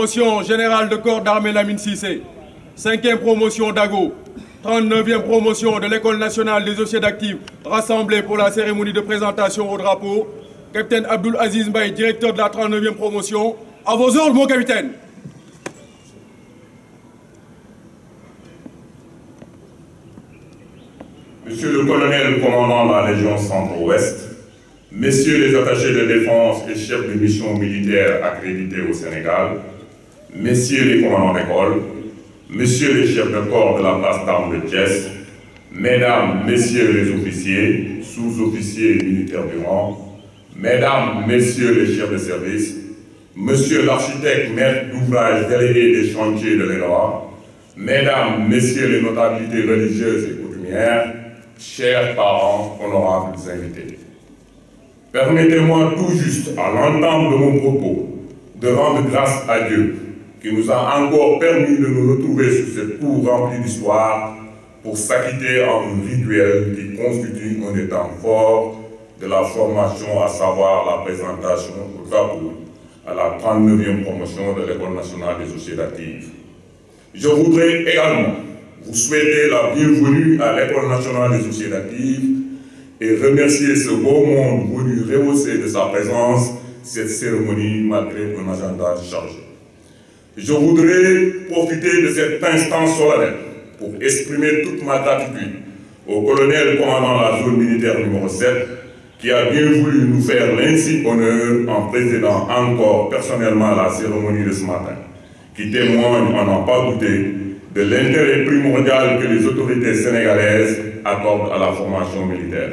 promotion générale de corps d'armée Lamine Cissé, 5e promotion d'Ago, 39e promotion de l'École nationale des officiers d'actifs rassemblés pour la cérémonie de présentation au drapeau. Capitaine Abdul Aziz Mbaye, directeur de la 39e promotion. À vos ordres, mon capitaine. Monsieur le colonel commandant la Légion Centre-Ouest, messieurs les attachés de défense et chefs de mission militaire accrédités au Sénégal, messieurs les commandants d'école, messieurs les chefs de corps de la place d'armes de Thiès, mesdames, messieurs les officiers, sous-officiers et militaires du rang, mesdames, messieurs les chefs de service, monsieur l'architecte maître d'ouvrage délégué des chantiers de l'Éloi, mesdames, messieurs les notabilités religieuses et coutumières, chers parents, honorables invités. Permettez-moi tout juste, à l'entendre de mon propos, de rendre grâce à Dieu qui nous a encore permis de nous retrouver sur cette tour remplie d'histoire pour s'acquitter en rituel qui constitue un état fort de la formation, à savoir la présentation au drapeau à la 39e promotion de l'École nationale des d'actifs. Je voudrais également vous souhaiter la bienvenue à l'École nationale des sociétés d'actifs et remercier ce beau monde venu rehausser de sa présence cette cérémonie malgré un agenda chargé. Je voudrais profiter de cet instant solennel pour exprimer toute ma gratitude au colonel commandant la zone militaire numéro 7 qui a bien voulu nous faire l'insigne honneur en présidant encore personnellement la cérémonie de ce matin, qui témoigne, en n'en pas douté, de l'intérêt primordial que les autorités sénégalaises accordent à la formation militaire.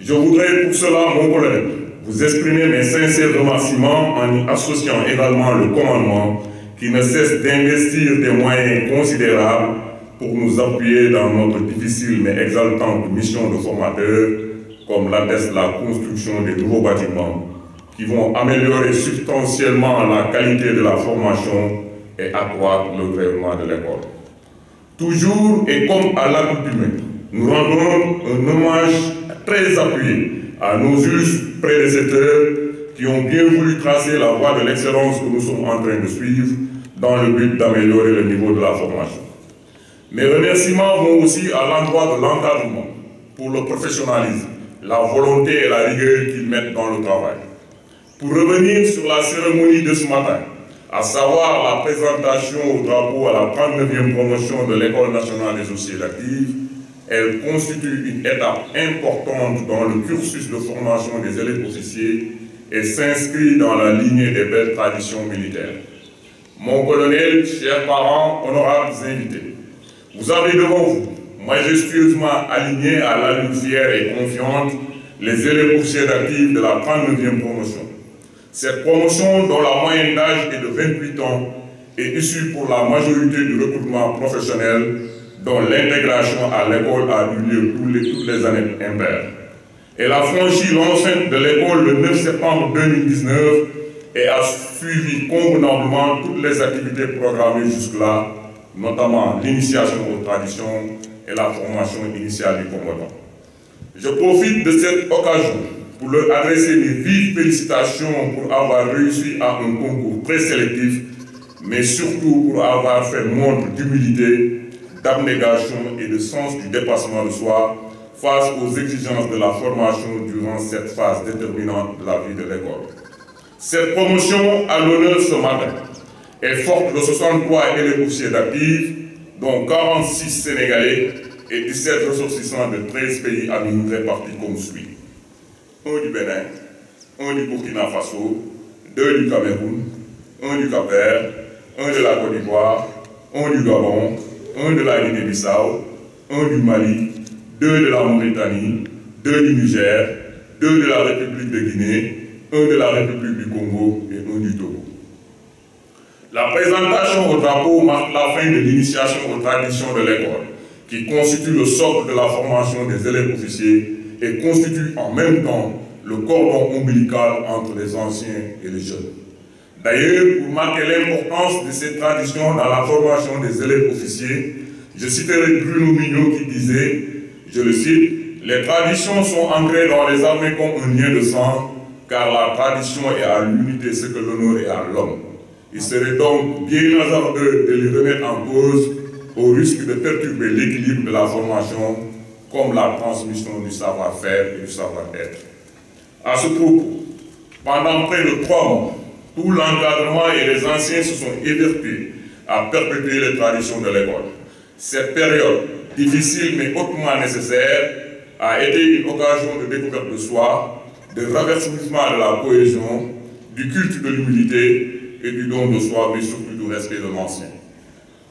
Je voudrais pour cela, mon collègue, vous exprimer mes sincères remerciements en y associant également le commandement qui ne cesse d'investir des moyens considérables pour nous appuyer dans notre difficile mais exaltante mission de formateur, comme l'atteste la construction des nouveaux bâtiments, qui vont améliorer substantiellement la qualité de la formation et accroître le développement de l'école. Toujours et comme à l'accoutumée, nous rendons un hommage très appuyé à nos justes prédécesseurs qui ont bien voulu tracer la voie de l'excellence que nous sommes en train de suivre dans le but d'améliorer le niveau de la formation. Mes remerciements vont aussi à l'endroit de l'engagement pour le professionnalisme, la volonté et la rigueur qu'ils mettent dans le travail. Pour revenir sur la cérémonie de ce matin, à savoir la présentation au drapeau à la 39e promotion de l'École nationale des sociétés actives, elle constitue une étape importante dans le cursus de formation des élèves officiers et s'inscrit dans la lignée des belles traditions militaires mon colonel, chers parents, honorables invités, vous avez devant vous, majestueusement alignés à la lumière et confiante, les élèves actifs de la 39e promotion. Cette promotion, dont la moyenne d'âge est de 28 ans, est issue pour la majorité du recrutement professionnel, dont l'intégration à l'école a eu lieu tous les, toutes les années impaires. Elle a franchi l'enceinte de l'école le 9 septembre 2019 et a suivi convenablement toutes les activités programmées jusque-là, notamment l'initiation aux traditions et la formation initiale du commandant. Je profite de cette occasion pour leur adresser mes vives félicitations pour avoir réussi à un concours très sélectif, mais surtout pour avoir fait montre d'humilité, d'abnégation et de sens du dépassement de soi face aux exigences de la formation durant cette phase déterminante de la vie de l'école. Cette promotion à l'honneur ce matin est forte de 63 élèves officiers d'actifs, dont 46 Sénégalais et 17 ressortissants de 13 pays amis répartis comme suit. Un du Bénin, un du Burkina Faso, deux du Cameroun, un du cap vert un de la Côte d'Ivoire, un du Gabon, un de la Guinée-Bissau, un du Mali, deux de la Mauritanie, deux du Niger, deux de la République de Guinée, un de la République du Congo et un du Togo. La présentation au drapeau marque la fin de l'initiation aux traditions de l'école, qui constitue le socle de la formation des élèves officiers et constitue en même temps le cordon ombilical entre les anciens et les jeunes. D'ailleurs, pour marquer l'importance de ces traditions dans la formation des élèves officiers, je citerai Bruno Mignot qui disait, je le cite, « Les traditions sont ancrées dans les armées comme un lien de sang car la tradition est à l'unité ce que l'honneur est à l'homme. Il serait donc bien hasardeux de les remettre en cause au risque de perturber l'équilibre de la formation comme la transmission du savoir-faire et du savoir-être. À ce propos, pendant près de trois mois, tout l'encadrement et les anciens se sont évertués à perpétuer les traditions de l'école. Cette période, difficile mais hautement nécessaire, a été une occasion de découverte le soi, de ravissement de la cohésion, du culte de l'humilité et du don de soi, mais surtout du respect de l'ancien.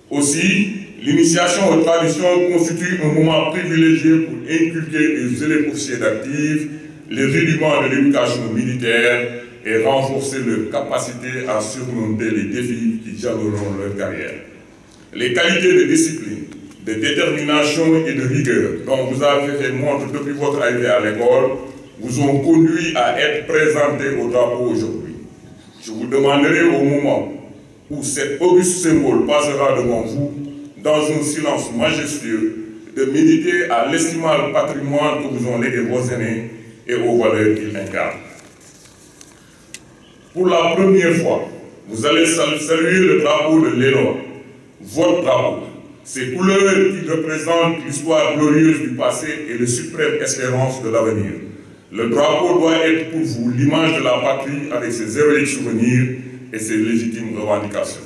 Aussi, l'initiation aux traditions constitue un moment privilégié pour inculquer les zéler pour les rudiments de l'éducation militaire et renforcer leur capacité à surmonter les défis qui jalonneront leur carrière. Les qualités de discipline, de détermination et de rigueur dont vous avez fait montre depuis votre arrivée à l'école vous ont conduit à être présentés au drapeau aujourd'hui. Je vous demanderai au moment où cet auguste symbole passera devant vous, dans un silence majestueux, de méditer à l'estimable patrimoine que vous ont légué vos aînés et aux valeurs qu'il incarne. Pour la première fois, vous allez saluer le drapeau de l'Élan, votre drapeau, ces couleurs qui représentent l'histoire glorieuse du passé et la suprême espérance de l'avenir. Le drapeau doit être pour vous l'image de la patrie avec ses héroïques souvenirs et ses légitimes revendications.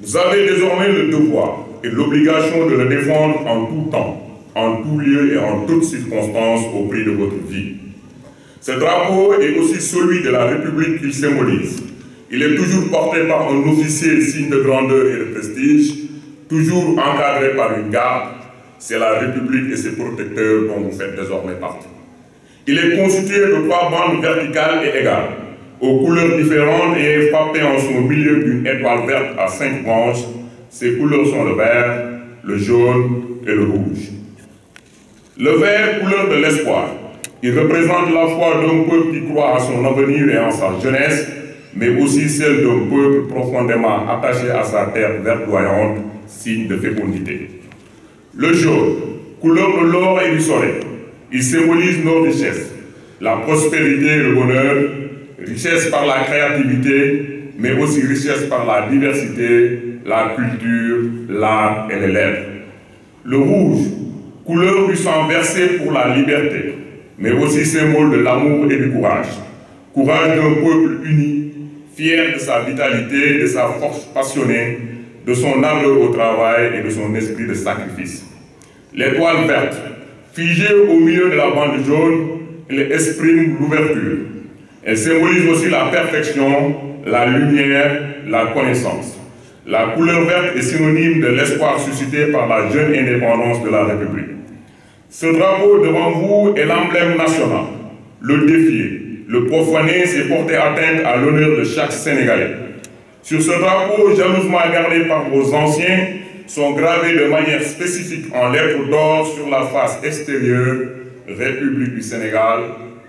Vous avez désormais le devoir et l'obligation de le défendre en tout temps, en tout lieu et en toutes circonstances au prix de votre vie. Ce drapeau est aussi celui de la République qu'il symbolise. Il est toujours porté par un officier signe de grandeur et de prestige, toujours encadré par une garde. C'est la République et ses protecteurs dont vous faites désormais partie. Il est constitué de trois bandes verticales et égales aux couleurs différentes et frappées en son milieu d'une étoile verte à cinq branches. Ces couleurs sont le vert, le jaune et le rouge. Le vert, couleur de l'espoir. Il représente la foi d'un peuple qui croit à son avenir et en sa jeunesse, mais aussi celle d'un peuple profondément attaché à sa terre verdoyante, signe de fécondité. Le jaune, couleur de l'or et du soleil, il symbolise nos richesses, la prospérité et le bonheur, richesse par la créativité, mais aussi richesse par la diversité, la culture, l'art et les lettres. Le rouge, couleur du sang versé pour la liberté, mais aussi symbole de l'amour et du courage. Courage d'un peuple uni, fier de sa vitalité, de sa force passionnée, de son amour au travail et de son esprit de sacrifice. L'étoile verte, figée au milieu de la bande jaune, elle exprime l'ouverture, elle symbolise aussi la perfection, la lumière, la connaissance. La couleur verte est synonyme de l'espoir suscité par la jeune indépendance de la République. Ce drapeau devant vous est l'emblème national. Le défier, le profaner, c'est porter atteinte à l'honneur de chaque Sénégalais. Sur ce drapeau, jalousement gardé par vos anciens, sont gravés de manière spécifique en lettres d'or sur la face extérieure République du Sénégal,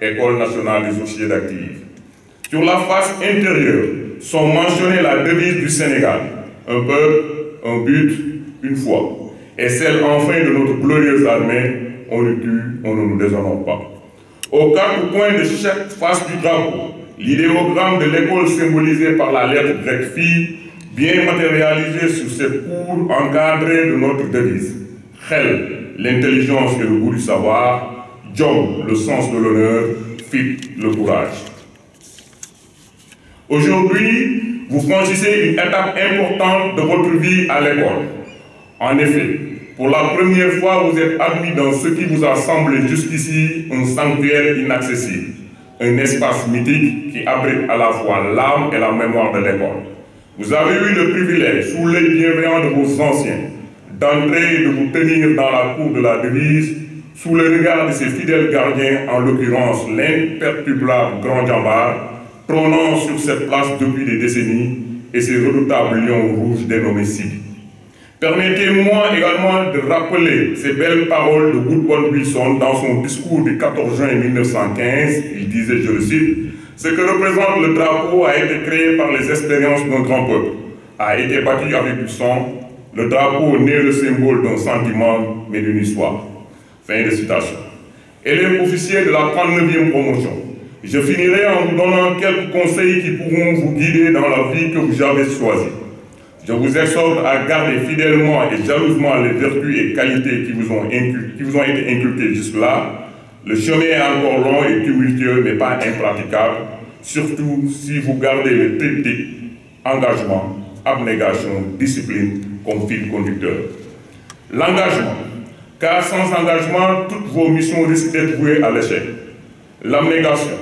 École nationale des officiers d'active. Sur la face intérieure sont mentionnées la devise du Sénégal, un peuple, un but, une foi, et celle enfin de notre glorieuse armée, on ne tue, on ne nous déshonore pas. Au quatre coins de chaque face du drapeau, l'idéogramme de l'école symbolisé par la lettre grecque phi, bien matérialisé sur ses cours encadré de notre devise. Hel, l'intelligence et le goût du savoir, John, le sens de l'honneur, Fit, le courage. Aujourd'hui, vous franchissez une étape importante de votre vie à l'école. En effet, pour la première fois, vous êtes admis dans ce qui vous a semblé jusqu'ici un sanctuaire inaccessible, un espace mythique qui abrite à la fois l'âme et la mémoire de l'école. Vous avez eu le privilège, sous les bienveillants de vos anciens, d'entrer et de vous tenir dans la cour de la devise sous le regard de ses fidèles gardiens, en l'occurrence l'imperturbable Grand Jambard, prônant sur cette place depuis des décennies, et ses redoutables lions rouges dénommés Sidi. Permettez-moi également de rappeler ces belles paroles de Woodward Wilson dans son discours du 14 juin 1915. Il disait, je le cite, Ce que représente le drapeau a été créé par les expériences d'un grand peuple, a été battu avec du sang. Le drapeau n'est le symbole d'un sentiment, mais d'une histoire. Fin de citation. Élève officier de la 39e promotion, je finirai en vous donnant quelques conseils qui pourront vous guider dans la vie que vous avez choisie. Je vous exhorte à garder fidèlement et jalousement les vertus et qualités qui vous ont, qui vous ont été inculquées jusque-là. Le chemin est encore long et tumultueux, mais pas impraticable, surtout si vous gardez le triptyque engagement, abnégation, discipline comme fil conducteur. L'engagement, car sans engagement, toutes vos missions risquent d'être vouées à l'échec. L'abnégation,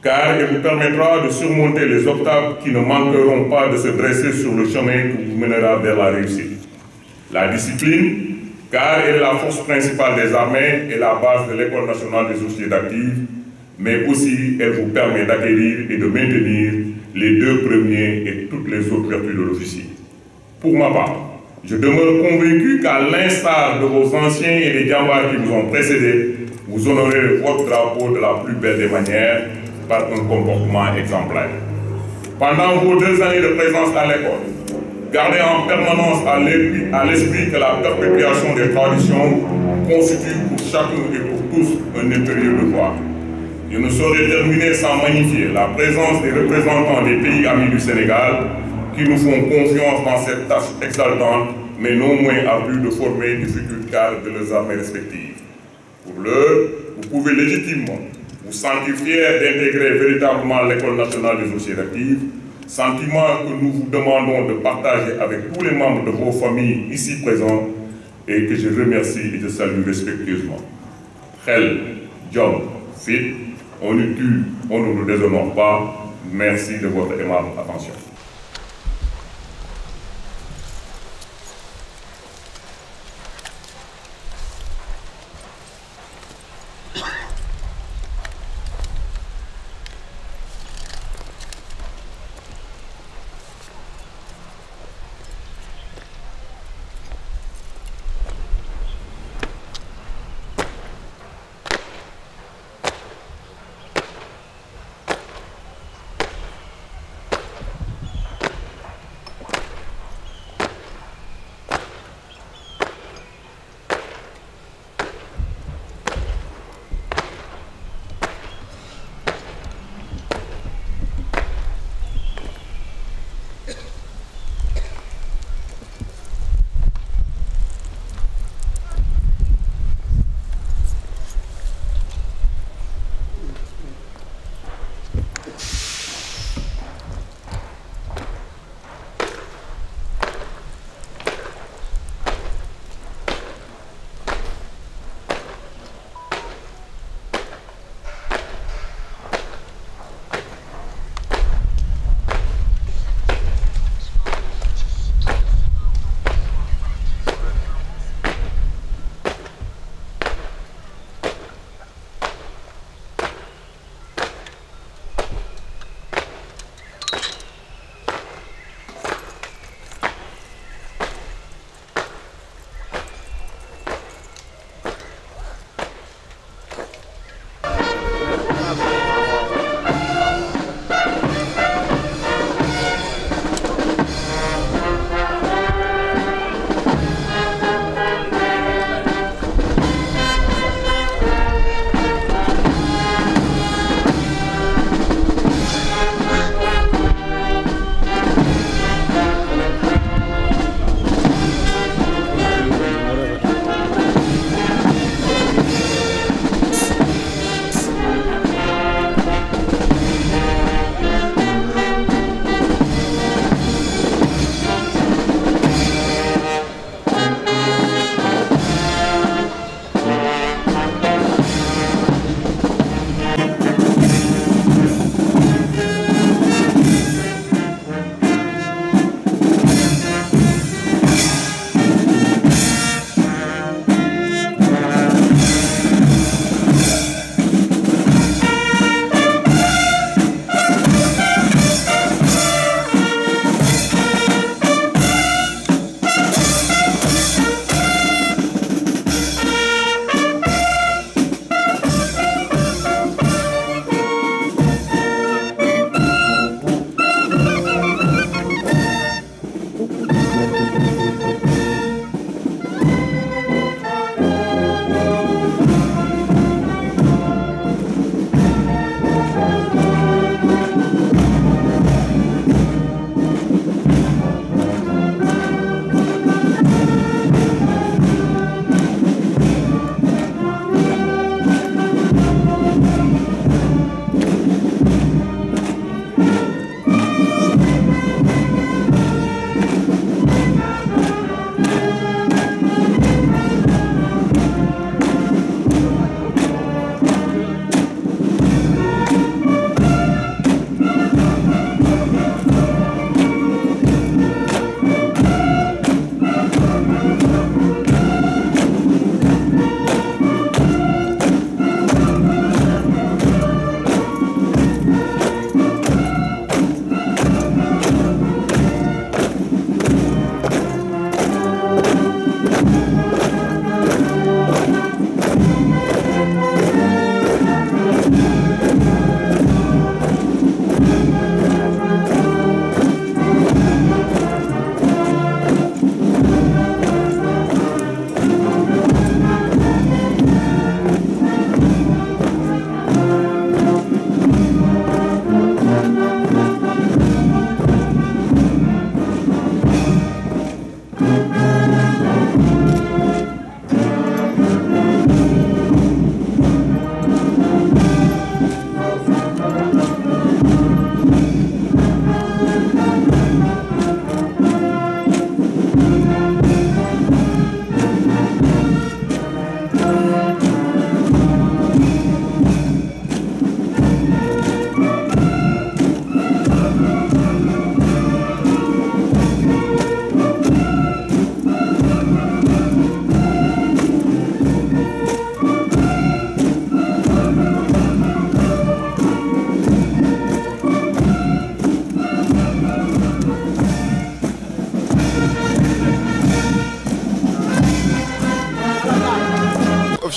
car elle vous permettra de surmonter les obstacles qui ne manqueront pas de se dresser sur le chemin qui vous mènera vers la réussite. La discipline, car elle est la force principale des armées et la base de l'École nationale des sociétés actives. mais aussi elle vous permet d'acquérir et de maintenir les deux premiers et toutes les autres vertus de l'officier. Pour ma part, je demeure convaincu qu'à l'instar de vos anciens et des gambards qui vous ont précédés, vous honorez votre drapeau de la plus belle des manières par un comportement exemplaire. Pendant vos deux années de présence à l'école, gardez en permanence à l'esprit que la perpétuation des traditions constitue pour chacun et pour tous un impérieux devoir. Je ne saurais terminer sans magnifier la présence des représentants des pays amis du Sénégal nous font confiance dans cette tâche exaltante, mais non moins à de former les futurs cadres de leurs armées respectives. Pour l'heure, vous pouvez légitimement vous sentir fier d'intégrer véritablement l'École nationale des officiers actifs, sentiment que nous vous demandons de partager avec tous les membres de vos familles ici présents et que je remercie et je salue respectueusement. Hel, Job, Fit, on ne tue, on ne nous déshonore pas. Merci de votre aimable attention.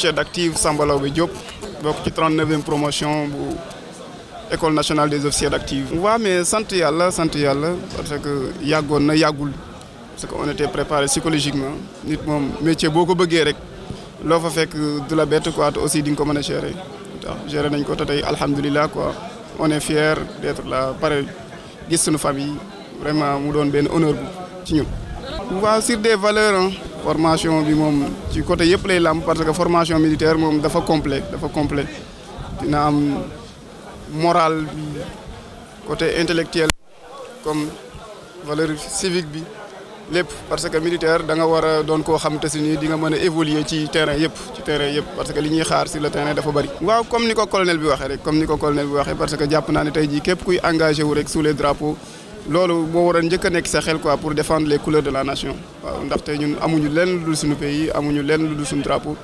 chef d'active Samba Laobé Diop bokk ci 39e promotion bu école nationale des officiers d'active. voit, mais la yàlla sant yàlla parce que yàggoon na yàggul parce qu'on était préparé psychologiquement nit moom métier beaucoup de guerre rek fait fa de la bête quoi aussi d'une nga ko gérer d'un gérer nañ ko quoi on est fier d'être là pareil gis suñu famille vraiment mu donne benn honneur bu ci ñun. waaw sur des valeurs hein, formation bi moom ci côté yépp lay làmb parce que formation militaire moom dafa complet dafa complet dina am moral bi côté intellectuel comme valeur civique bi lépp parce que militaire da nga war a doon koo xam te si nii di nga mën a évoluer ci terrain yépp ci terrain yépp parce que li ñuy xaar sur le terrain dafa bari. waaw comme ni ko colonel bi waxee rek comme ni ko colonel bi waxee parce que jàpp naa ne tey jii képp kuy engagé wu rek sous les drapeaux. C'est ce war pour défendre les couleurs de la nation Nous avons ñun amuñu pays amuñu lenn drapeau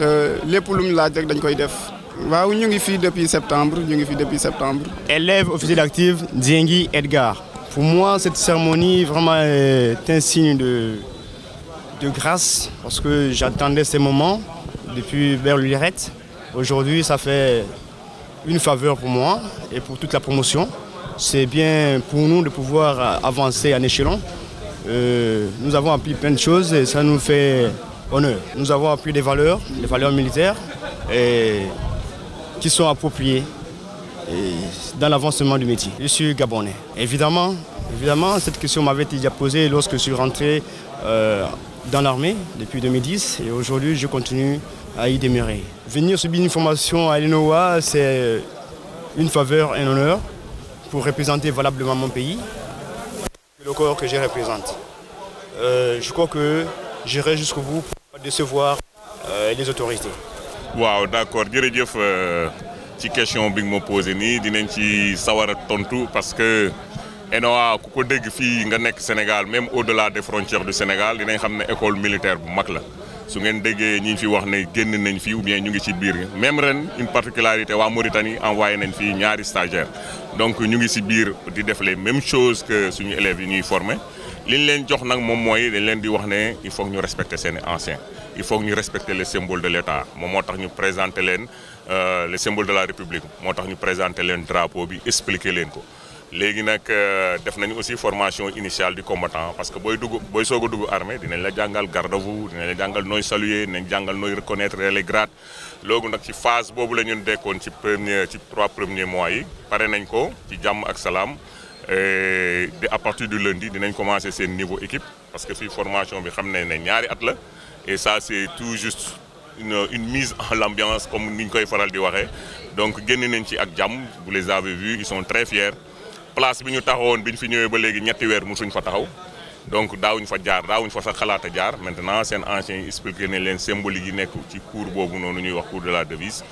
Nous lépp lu laaj dañ depuis septembre depuis élève officiel actif, Diengui Edgar. Pour moi, cette cérémonie vraiment est un signe de, grâce parce que j'attendais ce moment depuis vers Aujourd'hui, ça fait une faveur pour moi et pour toute la promotion c'est bien pour nous de pouvoir avancer en échelon. Euh, nous avons appris plein de choses et ça nous fait honneur. Nous avons appris des valeurs, des valeurs militaires, qui sont appropriées dans l'avancement du métier. Je suis gabonais. Évidemment, évidemment cette question m'avait déjà posée lorsque je suis rentré euh, dans l'armée depuis 2010 et aujourd'hui je continue à y demeurer. Venir subir une formation à l'INOWA, c'est une faveur, un honneur pour représenter valablement mon pays, le corps que je représente. Euh, je crois que j'irai jusqu'au bout pour pas décevoir euh, les autorités. Wow, d'accord je euh, une question bi je me posé nii ci sawar tout parce que ENOA ku ko dégg nga Sénégal même au-delà des frontières du Sénégal dinañ xam une école militaire su ngeen déggee ñi fi wax ne génn nañ fi ou bien ñu ngi ci biir même ren une particularité waa Mauritanie envoyé nañ fii ñaari stagiaires donc ñu ngi ci biir di def les même chose que suñu élèves yi ñuy formé li ñu leen jox nag moom mooy dañ leen di wax ne il faut que ñu respecter seeni anciens il faut que ñu respecter les symboles de l'État moom moo tax ñu présenter leen euh, le symbole de la République moo tax ñu présenter leen drapeau bi expliquer leen ko légui nak euh, def nañ aussi formation initiale du combattant parce que boy dugg boy sogo dugg armée dinañ la jangal garde vous dinañ la jangal noy saluer dinañ jangal noy reconnaître les grades loolu nak ci phase bobu la ñun dekkoon ci premier ci trois premiers mois yi paré nañ ko ci jamm ak salaam de à partir du lundi dinañ commencer ces niveau équipe parce que fi formation bi xamné ne ñaari at la et ça c'est tout juste une une mise en l'ambiance comme nous koy faral di waxé donc génné nañ ci ak jamm vous les avez vus ils sont très fiers place bi ñu taxawoon bi fi ñëwé ba légui ñetti weer mosuñ fa taxaw donc daawuñ fa jaar daawuñ fa sax xalaata jaar maintenant seen ancien yi expliqué len leen symbolique yi nekk ci cour bobu nonu ñuy wax cour de la devise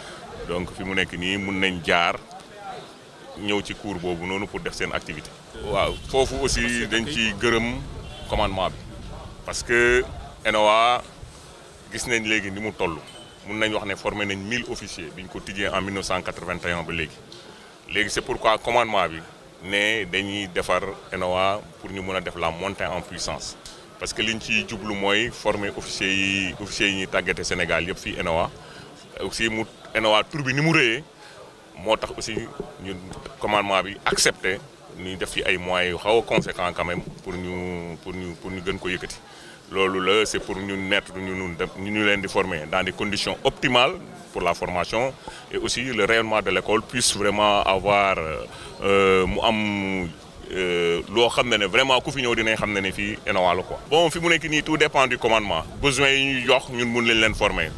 donc fi mu nekk ni mën nañ jaar ñëw ci cour bobu nonu pour def seen activité. waaw fofu aussi dañ ci gëreum commandement bi parce que ENOA gis nañ légui ni mu tollu mën nañ wax né formé nañ 1000 officiers biñ ko tijjee en 1981 ba légui légui c'est pourquoi commandement bi ne dañuy defar ENOA pour ñu mën def la montée en puissance parce que liñ ciy jublu mooy former officiers yi officiers yi ñuy Sénégal yëpp fi ENOA aussi mu ENOA tour bi ni mu rëyee motax aussi ñu commandement bi accepté ñu def fi ay moyens yu xaw conséquent quand même pour ñu pour ñu pour ñu gën ko yëkëti c'est pour nous mettre ñu nous ñu former dans des conditions optimales pour la formation et aussi le rayonnement de l'école puisse vraiment avoir euh, euh, mu am euh, vraiment ku fi ñëw dinañ quoi. bon fi mu tout dépend du commandement besoin yi ñu jox ñun former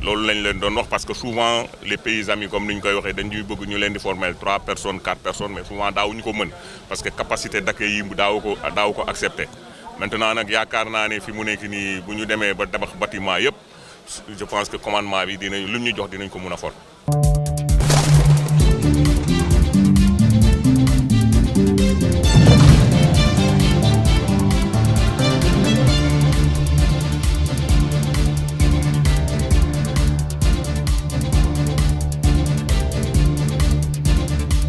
parce que souvent les pays amis comme nous, ñu koy waxee bëgg ñu former trois personnes quatre personnes mais souvent daawuñu ko commune parce que capacité d'accueil nous daaw ko accepter. maintenant nag yaakaar naa ne fi mu nekk nii bu ñu demee ba tabax bâtiment yëpp je pense que commandement bi dinañ lu ñu jox dinañ ko mun a